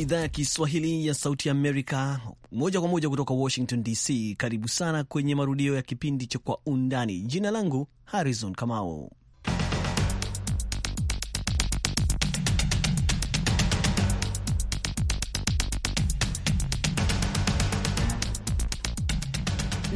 ni idhaa ya Kiswahili ya Sauti ya Amerika, moja kwa moja kutoka Washington DC. Karibu sana kwenye marudio ya kipindi cha Kwa Undani. Jina langu Harrison Kamau.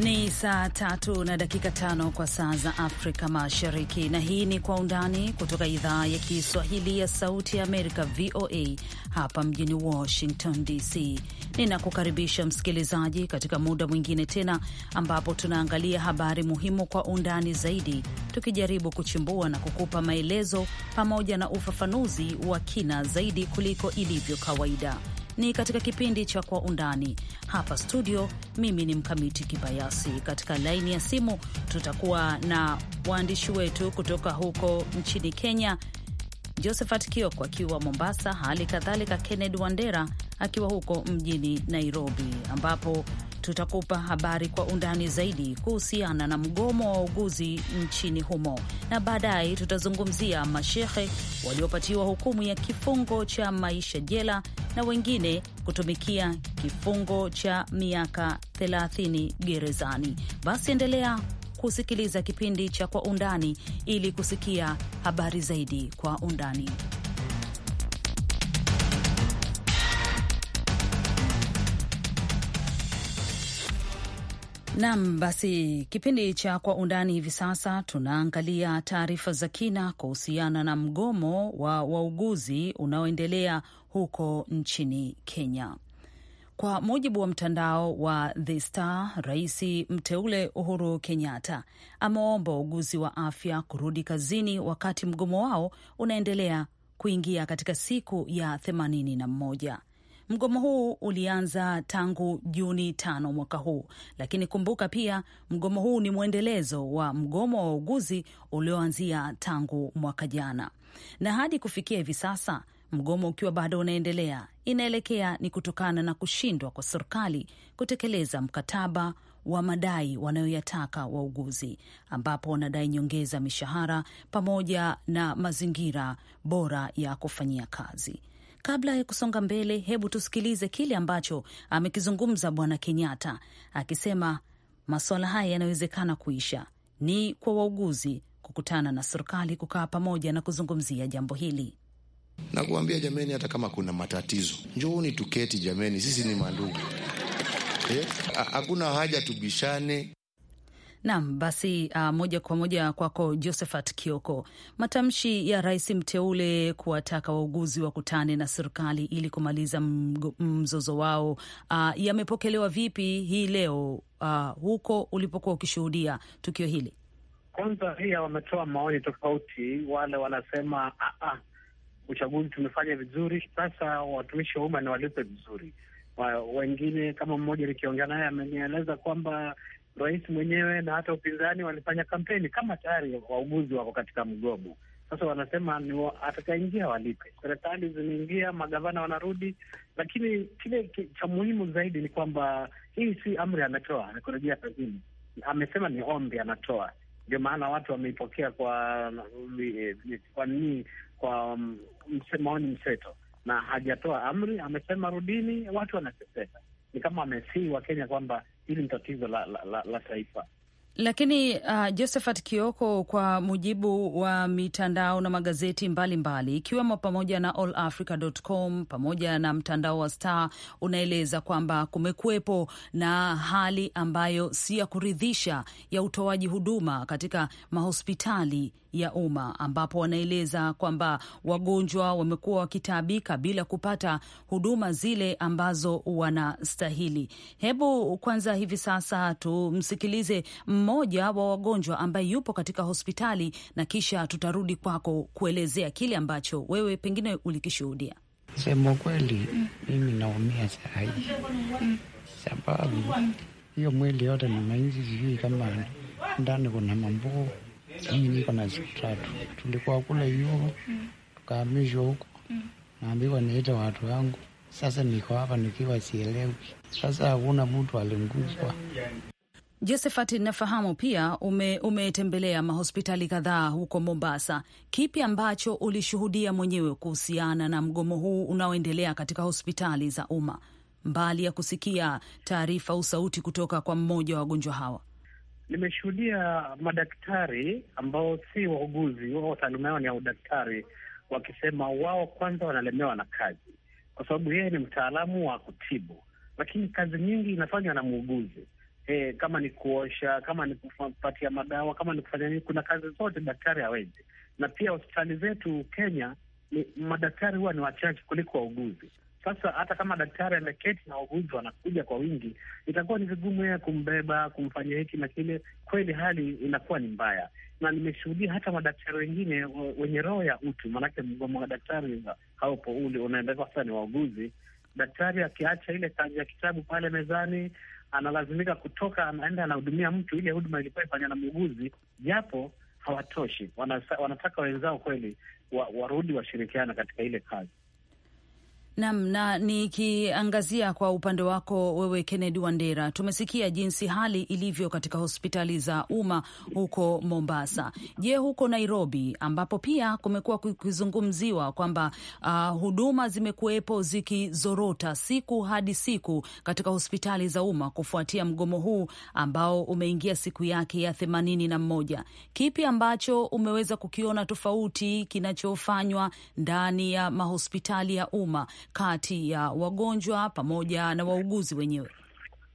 Ni saa tatu na dakika tano kwa saa za Afrika Mashariki, na hii ni Kwa Undani kutoka idhaa ya Kiswahili ya Sauti ya Amerika, VOA, hapa mjini Washington DC. Ninakukaribisha msikilizaji, katika muda mwingine tena ambapo tunaangalia habari muhimu kwa undani zaidi, tukijaribu kuchimbua na kukupa maelezo pamoja na ufafanuzi wa kina zaidi kuliko ilivyo kawaida ni katika kipindi cha Kwa Undani hapa studio. Mimi ni Mkamiti Kibayasi. Katika laini ya simu tutakuwa na waandishi wetu kutoka huko nchini Kenya, Josephat Kioko akiwa Mombasa, hali kadhalika kenned Wandera akiwa huko mjini Nairobi, ambapo tutakupa habari kwa undani zaidi kuhusiana na mgomo wa uguzi nchini humo, na baadaye tutazungumzia mashehe waliopatiwa hukumu ya kifungo cha maisha jela na wengine kutumikia kifungo cha miaka 30 gerezani. Basi endelea kusikiliza kipindi cha Kwa Undani ili kusikia habari zaidi kwa undani. Nam, basi kipindi cha Kwa Undani hivi sasa tunaangalia taarifa za kina kuhusiana na mgomo wa wauguzi unaoendelea huko nchini Kenya. Kwa mujibu wa mtandao wa The Star, rais mteule Uhuru Kenyatta amewaomba wauguzi wa afya kurudi kazini wakati mgomo wao unaendelea kuingia katika siku ya themanini na mmoja. Mgomo huu ulianza tangu Juni tano mwaka huu, lakini kumbuka pia mgomo huu ni mwendelezo wa mgomo wa wauguzi ulioanzia tangu mwaka jana, na hadi kufikia hivi sasa mgomo ukiwa bado unaendelea, inaelekea ni kutokana na kushindwa kwa serikali kutekeleza mkataba wa madai wanayoyataka wauguzi, ambapo wanadai nyongeza mishahara pamoja na mazingira bora ya kufanyia kazi. Kabla ya kusonga mbele, hebu tusikilize kile ambacho amekizungumza Bwana Kenyatta akisema masuala haya yanawezekana kuisha, ni kwa wauguzi kukutana na serikali, kukaa pamoja na kuzungumzia jambo hili nakuambia jameni, hata kama kuna matatizo njooni tuketi, jameni, sisi ni mandugu. Eh, hakuna eh, haja tubishane, Naam, basi uh, moja kwa moja kwako Josephat Kioko. Matamshi ya rais mteule kuwataka wauguzi wakutane na serikali ili kumaliza mzozo wao uh, yamepokelewa vipi hii leo uh, huko ulipokuwa ukishuhudia tukio hili? Kwanza pia wametoa maoni tofauti. Wale wanasema ah, ah, uchaguzi tumefanya vizuri, sasa watumishi wa umma ni walipe vizuri. Wengine kama mmoja nikiongea naye amenieleza kwamba rais mwenyewe na hata upinzani walifanya kampeni kama tayari wauguzi wako katika mgomo. Sasa wanasema ni atakaingia walipe. Serikali zimeingia, magavana wanarudi, lakini kile cha muhimu zaidi ni kwamba hii si amri ametoa ya kurejea kazini, amesema ni ombi anatoa. Ndio maana watu wameipokea kwa eh, eh, kwa nini, kwa mm, maoni mseto, na hajatoa amri. Amesema rudini, watu wanateseka. Ni kama amesii Wakenya kwamba Hili ni tatizo la, la, la, la taifa. Lakini uh, Josephat Kioko, kwa mujibu wa mitandao na magazeti mbalimbali ikiwemo pamoja na allafrica.com pamoja na mtandao wa Star unaeleza kwamba kumekuwepo na hali ambayo si ya kuridhisha ya utoaji huduma katika mahospitali ya umma ambapo wanaeleza kwamba wagonjwa wamekuwa wakitaabika bila kupata huduma zile ambazo wanastahili. Hebu kwanza hivi sasa tumsikilize mmoja wa wagonjwa ambaye yupo katika hospitali na kisha tutarudi kwako kuelezea kile ambacho wewe pengine ulikishuhudia. Sema kweli, mimi naumia sahihi sababu hiyo mwili yote ni mainzi, sijui kama ndani kuna mambuo mimi niko na siku tatu. Tulikuwa kule yuo tukaamishwa huko, naambiwa niite watu wangu. Sasa niko hapa nikiwa sielewi. Sasa hakuna mtu alimguswa. Josephat, nafahamu pia ume, umetembelea mahospitali kadhaa huko Mombasa. Kipi ambacho ulishuhudia mwenyewe kuhusiana na mgomo huu unaoendelea katika hospitali za umma, mbali ya kusikia taarifa au sauti kutoka kwa mmoja wa wagonjwa hawa? nimeshuhudia madaktari ambao si wauguzi, wao taaluma yao ni ya udaktari, wakisema wao kwanza wanalemewa na kazi, kwa sababu yeye ni mtaalamu wa kutibu, lakini kazi nyingi inafanywa na muuguzi. E, kama ni kuosha, kama ni kupatia madawa, kama ni kufanya nini, kuna kazi zote daktari hawezi. Na pia hospitali zetu Kenya ni madaktari huwa ni wachache kuliko wauguzi. Sasa hata kama daktari ameketi na wagonjwa wanakuja kwa wingi, itakuwa ni vigumu yeye kumbeba, kumfanyia hiki na kile. Kweli hali inakuwa ni mbaya, na nimeshuhudia hata madaktari wengine wenye roho ya utu, maanake mgomo wa daktari haupo ule unaendelea sasa, ni wauguzi. Daktari akiacha ile kazi ya kitabu pale mezani, analazimika kutoka, anaenda anahudumia mtu. Ile huduma ilikuwa ifanya na muuguzi, japo hawatoshi. Wanasa, wanataka wenzao kweli warudi washirikiana katika ile kazi. Nam, na nikiangazia kwa upande wako wewe Kennedy Wandera, tumesikia jinsi hali ilivyo katika hospitali za umma huko Mombasa. Je, huko Nairobi ambapo pia kumekuwa kukizungumziwa kwamba uh, huduma zimekuwepo zikizorota siku hadi siku katika hospitali za umma kufuatia mgomo huu ambao umeingia siku yake ya themanini na mmoja, kipi ambacho umeweza kukiona tofauti kinachofanywa ndani ya mahospitali ya umma kati ya wagonjwa pamoja na wauguzi wenyewe?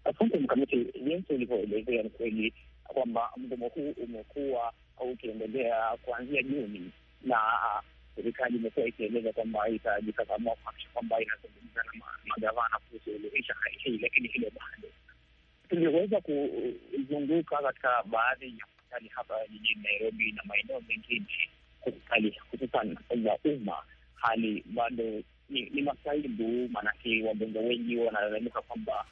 Asante Mkamiti, jinsi ulivyoelezea ni kweli kwamba mgomo huu umekuwa ukiendelea kuanzia Juni na serikali imekuwa ikieleza kwamba itajikakamua kuakisha kwamba inazungumza na magavana kusuluhisha hali hii, lakini hilo bado tuliweza kuzunguka katika baadhi ya hospitali hapa jijini Nairobi na maeneo mengine, hospitali hususan za umma, hali bado ni, ni masaibu, maanake wagonjwa wengi wanalalamika kwamba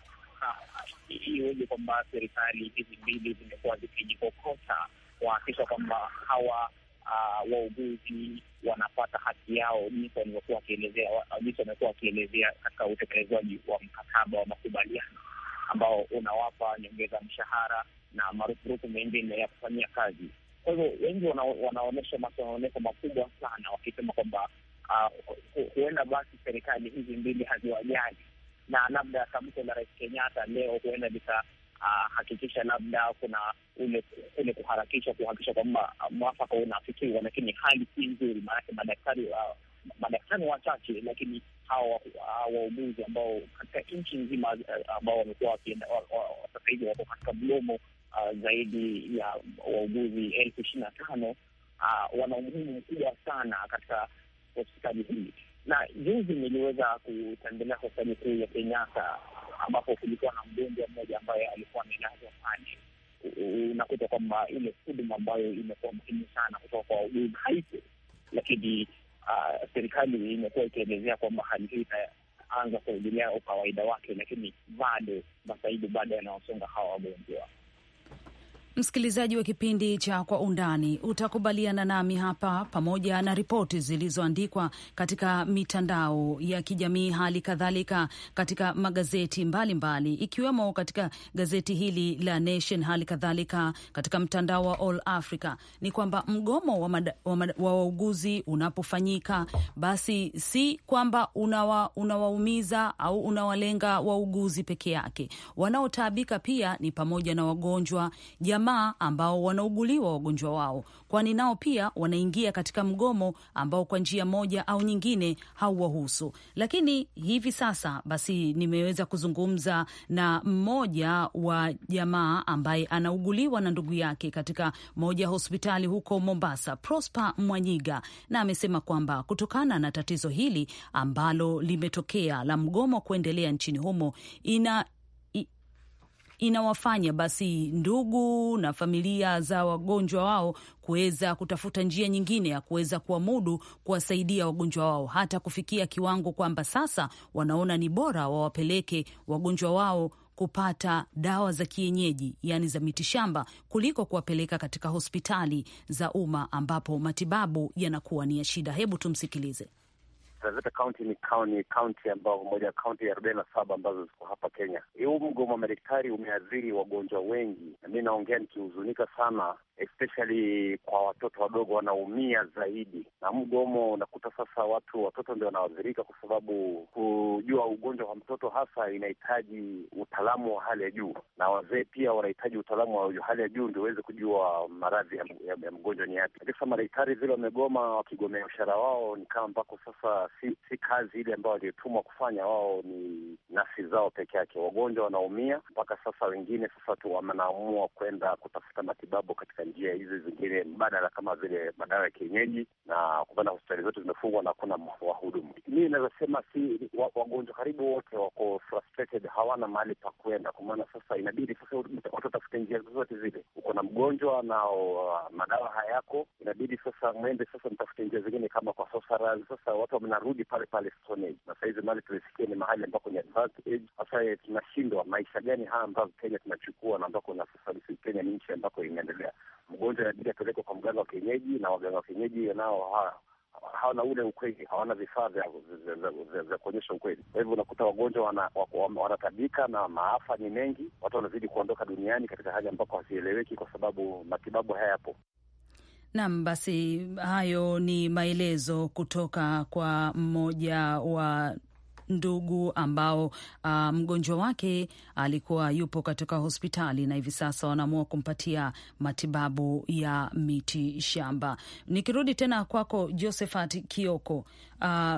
iweje kwamba serikali hizi mbili zimekuwa zikijikokota kuhakikisha kwamba hawa uh, wauguzi wanapata haki yao jinsi wakielezea wamekuwa wakielezea katika utekelezwaji wa mkataba wa makubaliano ambao unawapa nyongeza mshahara na marupurupu mengine ya kufanyia kazi. Kwa hivyo wengi wanaonyesha masononeko makubwa sana, wakisema kwamba uh, huenda basi serikali hizi mbili haziwajali, na labda tamko la Rais Kenyatta leo huenda likahakikisha ah, uh, labda kuna ule, ule kuharakisha kuhakikisha kwamba mwafaka unafikiwa, lakini hali si nzuri, maanake madaktari uh, madaktari wachache lakini hawa ah, wauguzi ambao katika nchi nzima ambao wamekuwa sasa hivi wako katika mgomo zaidi ya wauguzi elfu ishirini na tano wana umuhimu mkubwa sana katika hospitali hii. Na juzi niliweza kutembelea hospitali kuu ya Kenyatta ambapo kulikuwa na mgonjwa mmoja ambaye alikuwa amelazwa pale. Unakuta kwamba ile huduma ambayo imekuwa muhimu sana kutoka kwa wauguzi haipo, lakini uh, serikali imekuwa ikielezea kwamba hali hii itaanza kurejelea ukawaida wake, lakini bado masaibu bado yanaosonga hawa wagonjwa. Msikilizaji wa kipindi cha Kwa Undani, utakubaliana nami hapa, pamoja na ripoti zilizoandikwa katika mitandao ya kijamii, hali kadhalika katika magazeti mbalimbali mbali, ikiwemo katika gazeti hili la Nation, hali kadhalika katika mtandao wa All Africa, ni kwamba mgomo wa, mada, wa, mada, wa wauguzi unapofanyika basi si kwamba unawa, unawaumiza au unawalenga wauguzi peke yake. Wanaotaabika pia ni pamoja na wagonjwa, jama jamaa ambao wanauguliwa wagonjwa wao, kwani nao pia wanaingia katika mgomo ambao kwa njia moja au nyingine hauwahusu. Lakini hivi sasa basi nimeweza kuzungumza na mmoja wa jamaa ambaye anauguliwa na ndugu yake katika moja hospitali huko Mombasa, Prosper Mwanyiga, na amesema kwamba kutokana na tatizo hili ambalo limetokea la mgomo kuendelea nchini humo ina inawafanya basi ndugu na familia za wagonjwa wao kuweza kutafuta njia nyingine ya kuweza kuwamudu kuwasaidia wagonjwa wao, hata kufikia kiwango kwamba sasa wanaona ni bora wawapeleke wagonjwa wao kupata dawa za kienyeji yaani za mitishamba kuliko kuwapeleka katika hospitali za umma ambapo matibabu yanakuwa ni ya shida. Hebu tumsikilize. Tazeta County ni kaunti kaunti ambao moja ya kaunti arobaini na saba ambazo ziko hapa Kenya. Huu mgomo wa madaktari umeathiri wagonjwa wengi, na mi naongea nikihuzunika sana, especially kwa watoto wadogo, wanaumia zaidi na mgomo. Unakuta sasa watu watoto ndio wanaoathirika, kwa sababu kujua ugonjwa wa mtoto hasa inahitaji utaalamu wa hali ya juu, na wazee pia wanahitaji utaalamu wa hali ya juu ndio waweze kujua maradhi ya, ya, ya mgonjwa ni yapi. sasa madaktari vile wamegoma, wakigomea ushara wao, ni kama ambako sasa si, si kazi ile ambayo waliotumwa kufanya. Wao ni nafsi zao peke yake. Wagonjwa wanaumia mpaka sasa, wengine sasa tu wanaamua kwenda kutafuta matibabu katika njia hizi zingine mbadala, kama vile madawa ya kienyeji, na kupanda hospitali zote zimefungwa na hakuna wahudumu. Mii naweza sema si wagonjwa karibu wote wako frustrated, hawana mahali pa kuenda, kwa maana sasa inabidi sasa watu watafute njia zote zile. Uko na mgonjwa na uh, madawa hayako, inabidi sasa mwende sasa mtafute njia zingine kama kwa sosara. Sasa watu wamna tunarudi pale pale Stone Age, na sahizi mahali tulifikia ni mahali ambako ni advanced age, hasa eh, tunashindwa maisha gani haya ambayo Kenya tunachukua na ambako na sasa Kenya ni nchi ambako imeendelea. Mgonjwa inabidi apelekwa kwa mganga wa kienyeji, na waganga wa kienyeji nao hawana ule ukweli, hawana vifaa vya kuonyesha ukweli. Kwa hivyo unakuta wagonjwa wanatabika na maafa ni mengi, watu wanazidi kuondoka duniani katika hali ambako hazieleweki, kwa sababu matibabu hayapo. Nam, basi hayo ni maelezo kutoka kwa mmoja wa ndugu ambao uh, mgonjwa wake alikuwa yupo katika hospitali na hivi sasa wanaamua kumpatia matibabu ya miti shamba. Nikirudi tena kwako Josephat Kioko, uh,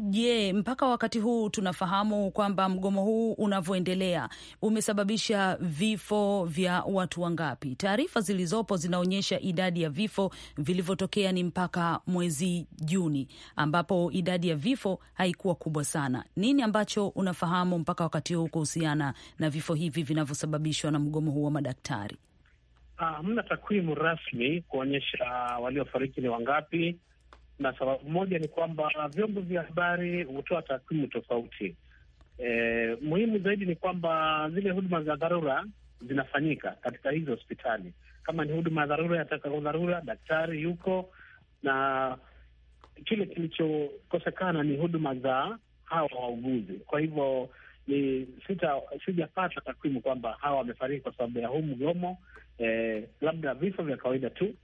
Je, mpaka wakati huu tunafahamu kwamba mgomo huu unavyoendelea umesababisha vifo vya watu wangapi? Taarifa zilizopo zinaonyesha idadi ya vifo vilivyotokea ni mpaka mwezi Juni, ambapo idadi ya vifo haikuwa kubwa sana. Nini ambacho unafahamu mpaka wakati huu kuhusiana na vifo hivi vinavyosababishwa na mgomo huu wa madaktari? Ah, hamna takwimu rasmi kuonyesha waliofariki ni wangapi na sababu moja ni kwamba vyombo vya habari hutoa takwimu tofauti. E, muhimu zaidi ni kwamba zile huduma za dharura zinafanyika katika hizi hospitali. Kama ni huduma ya dharura ya dharura, daktari yuko na kile kilichokosekana ni huduma za hawa wauguzi. Kwa hivyo ni sita sijapata takwimu kwamba hawa wamefariki kwa sababu ya huu mgomo eh, labda vifo vya kawaida tu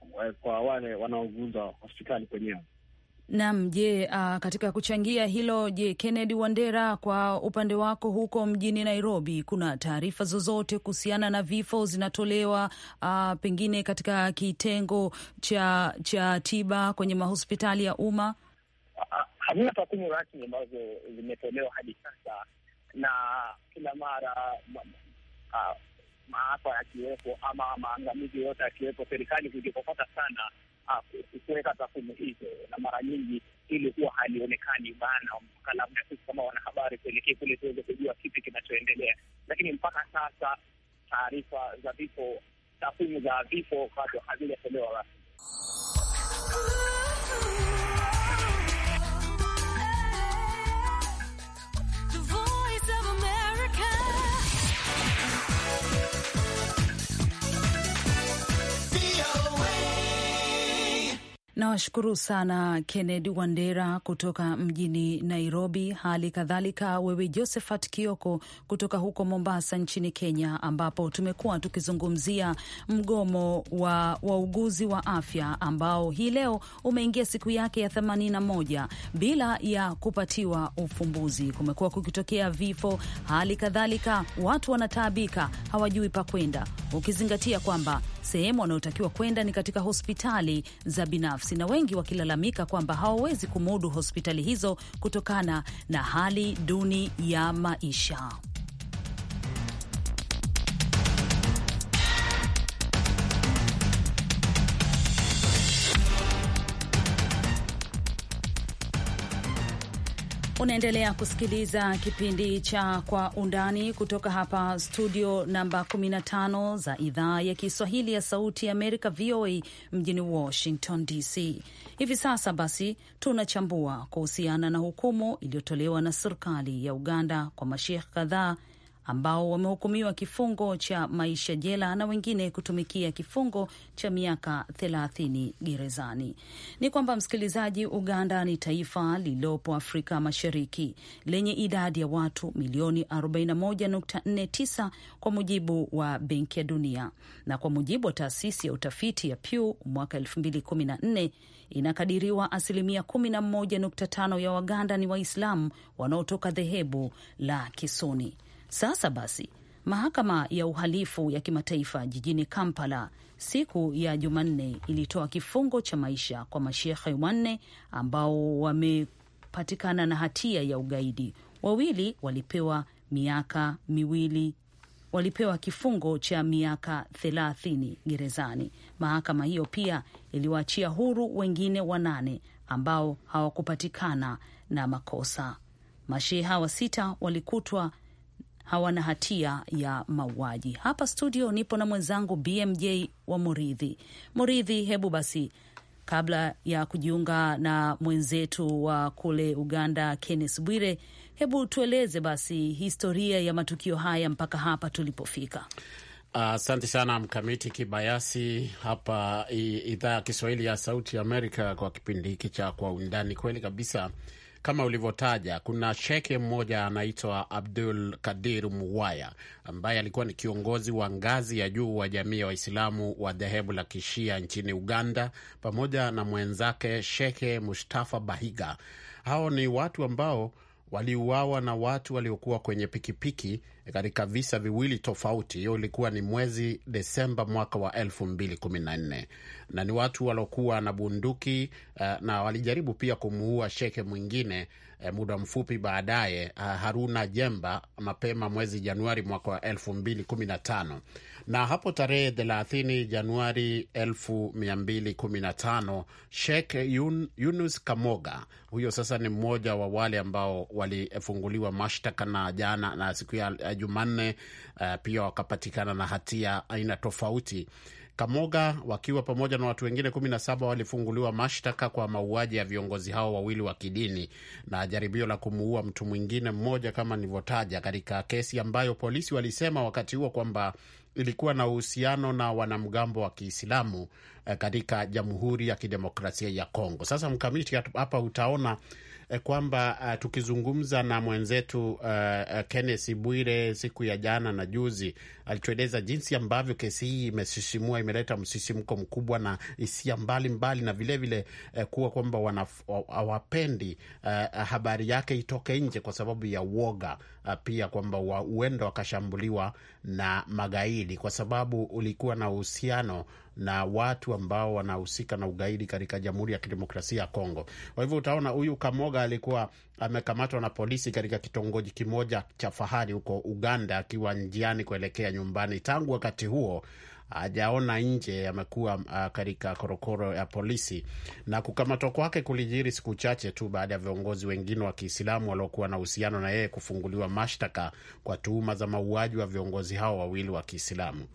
kwa wale wanaouguza hospitali kwenyewe. Nam, je, uh, katika kuchangia hilo, je, Kennedy Wandera, kwa upande wako huko mjini Nairobi, kuna taarifa zozote kuhusiana na vifo zinatolewa uh, pengine katika kitengo cha cha tiba kwenye mahospitali ya umma? Hamna takwimu rasmi ambazo zimetolewa hadi sasa, na kila mara ah, maafa yakiwepo ama maangamizi yote yakiwepo, serikali hujikokota sana kuweka takwimu hizo, na mara nyingi ili huwa halionekani bana, mpaka labda sisi kama wanahabari tuelekee kule tuweze kujua kipi kinachoendelea. Lakini mpaka sasa taarifa za vifo, takwimu za vifo bado hazijatolewa rasmi. Nawashukuru sana Kennedy Wandera kutoka mjini Nairobi, hali kadhalika wewe Josephat Kioko kutoka huko Mombasa nchini Kenya, ambapo tumekuwa tukizungumzia mgomo wa wauguzi wa afya ambao hii leo umeingia siku yake ya 81 bila ya kupatiwa ufumbuzi. Kumekuwa kukitokea vifo, hali kadhalika watu wanataabika, hawajui pa kwenda, ukizingatia kwamba sehemu wanayotakiwa kwenda ni katika hospitali za binafsi binafsi, na wengi wakilalamika kwamba hawawezi kumudu hospitali hizo kutokana na hali duni ya maisha. Unaendelea kusikiliza kipindi cha Kwa Undani kutoka hapa studio namba 15 za idhaa ya Kiswahili ya Sauti ya Amerika, VOA, mjini Washington DC. Hivi sasa basi, tunachambua kuhusiana na hukumu iliyotolewa na serikali ya Uganda kwa masheikh kadhaa ambao wamehukumiwa kifungo cha maisha jela na wengine kutumikia kifungo cha miaka thelathini gerezani. Ni kwamba msikilizaji, Uganda ni taifa lililopo Afrika Mashariki lenye idadi ya watu milioni 41.49 kwa mujibu wa Benki ya Dunia, na kwa mujibu wa taasisi ya utafiti ya Pew mwaka 2014 inakadiriwa asilimia 11.5 ya Waganda ni Waislamu wanaotoka dhehebu la Kisuni. Sasa basi, mahakama ya uhalifu ya kimataifa jijini Kampala siku ya Jumanne ilitoa kifungo cha maisha kwa mashehe wanne ambao wamepatikana na hatia ya ugaidi. Wawili walipewa miaka miwili walipewa kifungo cha miaka thelathini gerezani. Mahakama hiyo pia iliwaachia huru wengine wanane ambao hawakupatikana na makosa. Mashehe hawa sita walikutwa hawana hatia ya mauaji. Hapa studio nipo na mwenzangu BMJ wa Muridhi. Muridhi, hebu basi kabla ya kujiunga na mwenzetu wa kule Uganda Kenneth Bwire, hebu tueleze basi historia ya matukio haya mpaka hapa tulipofika. Asante uh, sana Mkamiti Kibayasi hapa idhaa ya Kiswahili ya Sauti Amerika kwa kipindi hiki cha Kwa Undani. Kweli kabisa kama ulivyotaja, kuna shekhe mmoja anaitwa Abdul Kadir Muwaya ambaye alikuwa ni kiongozi wa ngazi ya juu wa jamii ya Waislamu wa dhehebu la Kishia nchini Uganda, pamoja na mwenzake shekhe Mustafa Bahiga. Hao ni watu ambao waliuawa na watu waliokuwa kwenye pikipiki katika visa viwili tofauti. Hiyo ilikuwa ni mwezi Desemba mwaka wa 2014 na ni watu waliokuwa na bunduki eh, na walijaribu pia kumuua sheke mwingine eh, muda mfupi baadaye, eh, Haruna Jemba, mapema mwezi Januari mwaka wa 2015. Na hapo tarehe 30 Januari 2015 Sheikh Yunus Kamoga, huyo sasa ni mmoja wa wale ambao walifunguliwa mashtaka na jana na siku ya Jumanne, uh, pia wakapatikana na hatia aina tofauti. Kamoga wakiwa pamoja na watu wengine 17 walifunguliwa mashtaka kwa mauaji ya viongozi hao wawili wa kidini na jaribio la kumuua mtu mwingine mmoja, kama nilivyotaja, katika kesi ambayo polisi walisema wakati huo kwamba ilikuwa na uhusiano na wanamgambo wa Kiislamu eh, katika Jamhuri ya Kidemokrasia ya Kongo. Sasa mkamiti hapa utaona Eh, kwamba eh, tukizungumza na mwenzetu eh, eh, Kenneth Bwire siku ya jana na juzi, alitueleza jinsi ambavyo kesi hii imesisimua, imeleta msisimko mkubwa na hisia mbalimbali, na vilevile vile, eh, kuwa kwamba hawapendi eh, habari yake itoke nje kwa sababu ya uoga eh, pia kwamba huenda wakashambuliwa na magaidi, kwa sababu ulikuwa na uhusiano na watu ambao wanahusika na ugaidi katika Jamhuri ya Kidemokrasia ya Kongo. Kwa hivyo utaona huyu Kamoga alikuwa amekamatwa na polisi katika kitongoji kimoja cha fahari huko Uganda akiwa njiani kuelekea nyumbani. Tangu wakati huo hajaona nje, amekuwa uh, katika korokoro ya polisi. Na kukamatwa kwake kulijiri siku chache tu baada ya viongozi wengine wa Kiislamu waliokuwa na uhusiano na yeye kufunguliwa mashtaka kwa tuhuma za mauaji wa viongozi hao wawili wa Kiislamu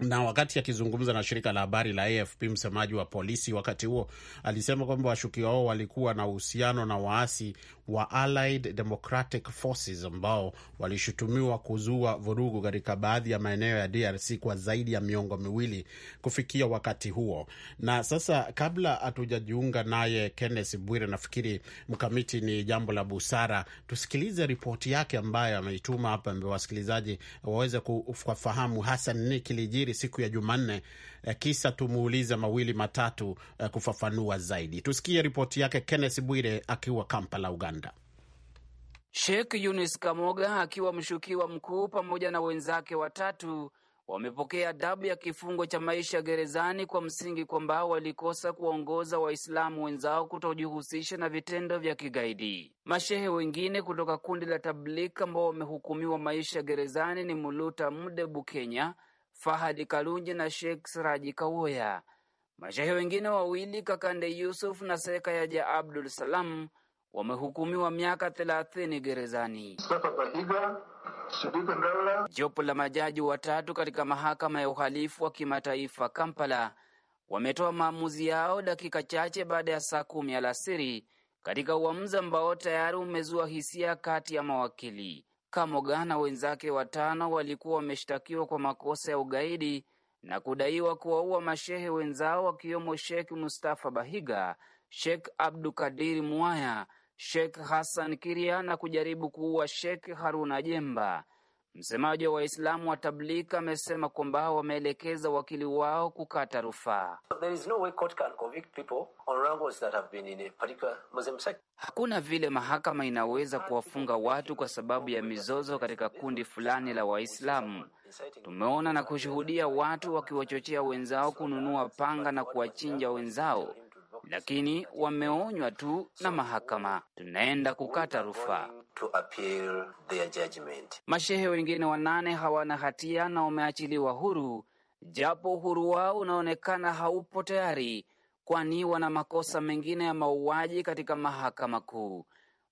na wakati akizungumza na shirika la habari la AFP, msemaji wa polisi wakati huo alisema kwamba washukiwa hao walikuwa na uhusiano na waasi wa Allied Democratic Forces ambao walishutumiwa kuzua vurugu katika baadhi ya maeneo ya DRC kwa zaidi ya miongo miwili kufikia wakati huo. Na sasa, kabla hatujajiunga naye Kenneth Bwire, nafikiri mkamiti, ni jambo la busara tusikilize ripoti yake ambayo ameituma hapa, mbe wasikilizaji waweze kufahamu hasa nini kilijiri siku ya Jumanne, eh, kisa tumuulize mawili matatu eh, kufafanua zaidi. Tusikie ripoti yake Kenneth Bwire akiwa Kampala, Uganda. Sheikh Yunis Kamoga akiwa mshukiwa mkuu pamoja na wenzake watatu wamepokea adhabu ya kifungo cha maisha gerezani kwa msingi kwamba walikosa kuwaongoza Waislamu wenzao kutojihusisha na vitendo vya kigaidi. Mashehe wengine kutoka kundi la Tablik ambao wamehukumiwa maisha gerezani ni Muluta Mde Bukenya, Fahadi Kalunji na Sheikh Siraji Kawoya. Mashehe wengine wawili Kakande Yusuf na sekayaja Abdul Salam wamehukumiwa miaka 30 gerezani. Jopo la majaji watatu katika mahakama ya uhalifu wa kimataifa Kampala wametoa maamuzi yao dakika chache baada ya saa kumi alasiri katika uamuzi ambao tayari umezua hisia kati ya mawakili. Kamoga na wenzake watano walikuwa wameshtakiwa kwa makosa ya ugaidi na kudaiwa kuwaua mashehe wenzao wakiwemo Sheikh Mustafa Bahiga, Sheikh Kadir Mwaya Sheikh Hassan Kiria na kujaribu kuua Sheikh Haruna Jemba. Msemaji wa Waislamu wa Tablika amesema kwamba wameelekeza wakili wao kukata rufaa. Hakuna vile mahakama inaweza kuwafunga watu kwa sababu ya mizozo katika kundi fulani la Waislamu. Tumeona na kushuhudia watu wakiwachochea wenzao kununua panga na kuwachinja wenzao lakini wameonywa tu na mahakama, tunaenda kukata rufaa. Mashehe wengine wanane hawana hatia na wameachiliwa huru, japo uhuru wao unaonekana haupo tayari, kwani wana makosa mengine ya mauaji katika mahakama kuu.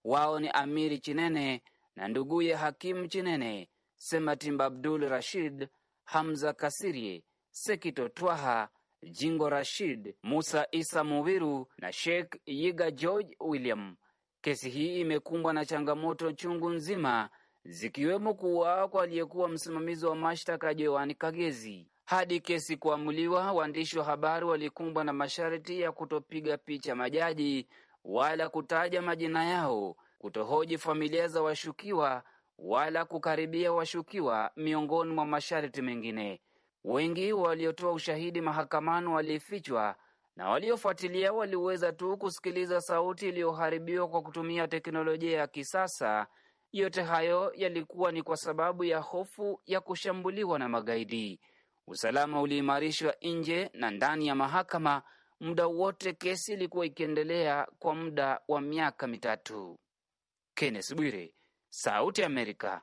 Wao ni Amiri Chinene na nduguye Hakimu Chinene, Sematimba Abdul Rashid, Hamza Kasirie, Sekito Twaha Jingo Rashid, Musa Isa Muwiru na Sheikh Yiga George William. Kesi hii imekumbwa na changamoto chungu nzima zikiwemo kuuawa kwa aliyekuwa msimamizi wa mashtaka joani Kagezi. Hadi kesi kuamuliwa, waandishi wa habari walikumbwa na masharti ya kutopiga picha majaji wala kutaja majina yao, kutohoji familia za washukiwa wala kukaribia washukiwa, miongoni mwa masharti mengine. Wengi waliotoa ushahidi mahakamani walifichwa na waliofuatilia waliweza tu kusikiliza sauti iliyoharibiwa kwa kutumia teknolojia ya kisasa. Yote hayo yalikuwa ni kwa sababu ya hofu ya kushambuliwa na magaidi. Usalama uliimarishwa nje na ndani ya mahakama muda wote kesi ilikuwa ikiendelea kwa muda wa miaka mitatu. Kenneth Bwire, Sauti ya Amerika,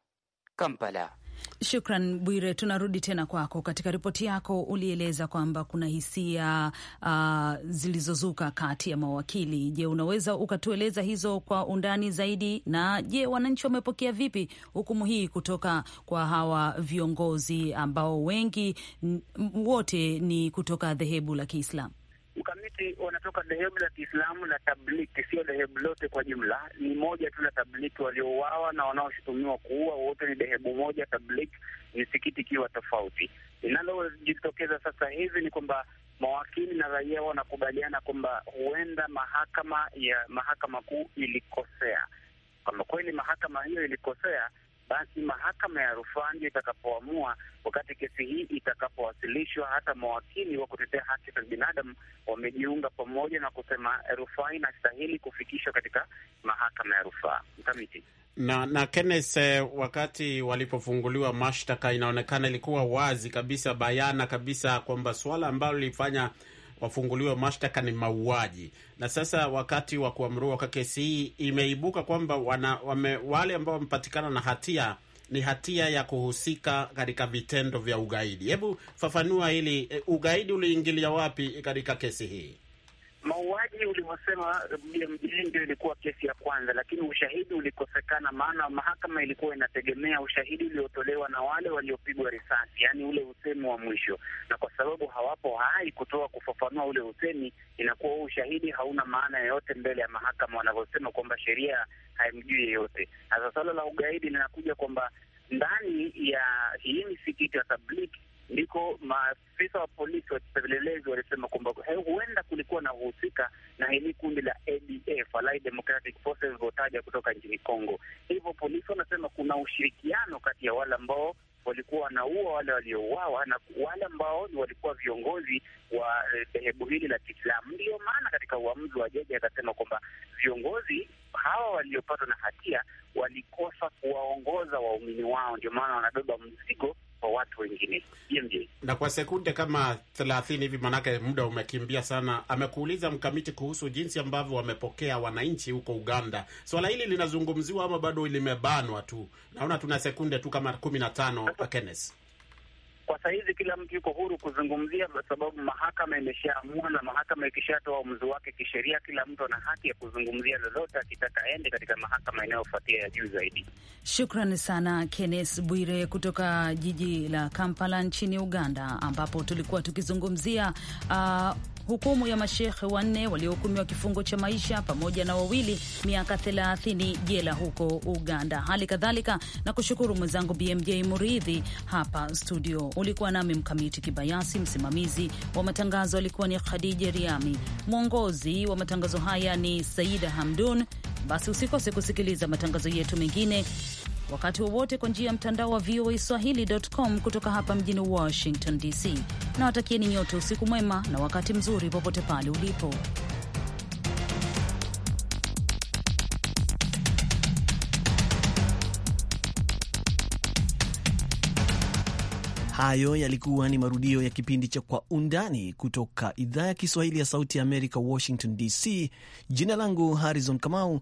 Kampala. Shukran Bwire, tunarudi tena kwako. Katika ripoti yako ulieleza kwamba kuna hisia uh, zilizozuka kati ya mawakili. Je, unaweza ukatueleza hizo kwa undani zaidi? Na je, wananchi wamepokea vipi hukumu hii kutoka kwa hawa viongozi ambao wengi wote ni kutoka dhehebu la Kiislamu? Ukamiti wanatoka dhehebu la Kiislamu la Tabliki, sio dhehebu lote kwa jumla, ni moja tu la Tabliki. Waliouawa na wanaoshutumiwa kuua wote ni dhehebu moja Tabliki, misikiti ikiwa tofauti. Linalojitokeza sasa hivi ni kwamba mawakili na raia wanakubaliana kwamba huenda mahakama ya mahakama kuu ilikosea, kwamba kweli mahakama hiyo ilikosea basi mahakama ya rufaa ndio itakapoamua wakati kesi hii itakapowasilishwa. Hata mawakili wa kutetea haki za binadamu wamejiunga pamoja na kusema rufaa inastahili kufikishwa katika mahakama ya rufaa mkamiti na na Kenneth, eh, wakati walipofunguliwa mashtaka, inaonekana ilikuwa wazi kabisa, bayana kabisa kwamba suala ambalo lilifanya wafunguliwe mashtaka ni mauaji. Na sasa wakati wa kuamrua kwa kesi hii imeibuka kwamba wana, wame, wale ambao wamepatikana na hatia ni hatia ya kuhusika katika vitendo vya ugaidi. Hebu fafanua hili, eh, ugaidi uliingilia wapi katika kesi hii? Mauaji ulivyosema BMJ eh, ndio ilikuwa kesi ya kwanza, lakini ushahidi ulikosekana, maana mahakama ilikuwa inategemea ushahidi uliotolewa na wale waliopigwa risasi, yaani ule usemi wa mwisho, na kwa sababu hawapo hai kutoa kufafanua ule usemi, inakuwa huu ushahidi hauna maana yoyote mbele ya mahakama, wanavyosema kwamba sheria haimjui yeyote. Sasa swala la ugaidi linakuja kwamba ndani ya hii misikiti ya Tablighi ndiko maafisa wa polisi wapelelezi walisema kwamba huenda kulikuwa na uhusika na hili kundi la ADF, Allied Democratic Forces, kutoka nchini Congo. Hivyo polisi wanasema kuna ushirikiano kati ya wale ambao walikuwa wanaua wale waliouawa na wale ambao ni walikuwa viongozi wa e, dhehebu hili la Kiislamu. Ndiyo maana katika uamuzi wa jaji akasema kwamba viongozi hawa waliopatwa na hatia walikosa kuwaongoza waumini wao, ndio maana wanabeba mzigo watu wengine. Na kwa sekunde kama thelathini hivi, manake muda umekimbia sana, amekuuliza mkamiti kuhusu jinsi ambavyo wamepokea wananchi huko Uganda. Swala hili linazungumziwa ama bado limebanwa tu? Naona tuna sekunde tu kama kumi na tano. Kenneth yuko huru kuzungumzia, kwa sababu mahakama imeshaamua, na mahakama ikishatoa uamuzi wake kisheria, kila mtu ana haki ya kuzungumzia lolote akitaka aende katika mahakama inayofuatia ya juu zaidi. Shukrani sana Kenneth Bwire kutoka jiji la Kampala nchini Uganda, ambapo tulikuwa tukizungumzia uh, hukumu ya mashekhe wanne waliohukumiwa kifungo cha maisha pamoja na wawili miaka 30 jela huko Uganda. Hali kadhalika na kushukuru mwenzangu BMJ Muridhi hapa studio. Ulikuwa nami Mkamiti Kibayasi, msimamizi wa matangazo alikuwa ni Khadija Riami, mwongozi wa matangazo haya ni Saida Hamdun. Basi usikose kusikiliza matangazo yetu mengine wakati wowote kwa njia ya mtandao wa VOA Swahili.com kutoka hapa mjini Washington DC, na watakieni nyote usiku mwema na wakati mzuri popote pale ulipo. Hayo yalikuwa ni marudio ya kipindi cha Kwa Undani kutoka idhaa ya Kiswahili ya Sauti ya Amerika, Washington DC. Jina langu Harrison Kamau,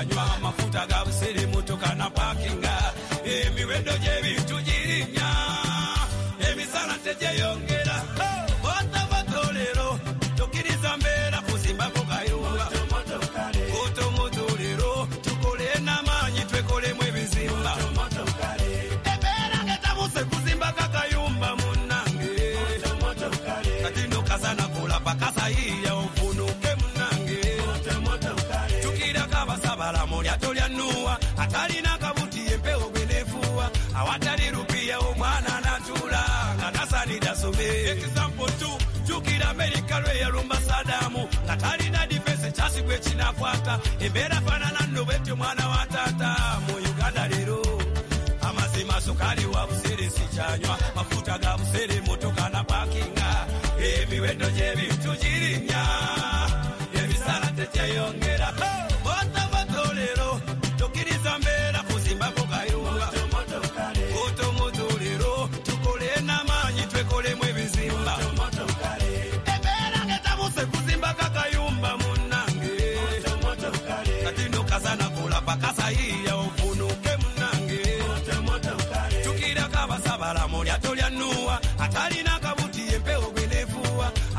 anywa amafuta ga busirimutuka na pakinga emiwendo eh, gy'ebintu takwata embeera faanana nno bwetyo mwana wa tata mu uganda leero amazima sukaali wa buseere sikyanywa mafuta ga busere motoka na pakinga emiwendo gy'ebintu girinnya ebisaala tekyeyongera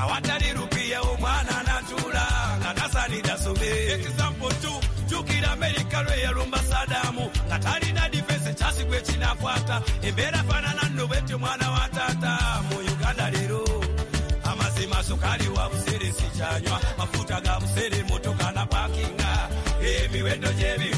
awatalirupiya omwana anatula nga tasanira some example tu jukira amerika lwe yalumba sadamu nga talina difensi kyasi gwe kinakwata embeera faanana nno bwetyo mwana wa taata mu uganda leero amazima sukali wa busere sikyanywa mafuta ga busere motoka na pakinga emiwendo gyemi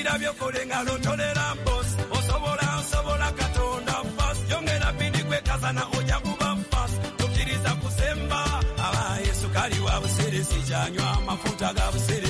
ebibira byokolenga lotolera mpozi osobola osobola katonda fasi yongera pindi kwekazana oja kuba fasi tukkiriza kusemba aba yesu kali wa busere sikyanywa amafuta ga busere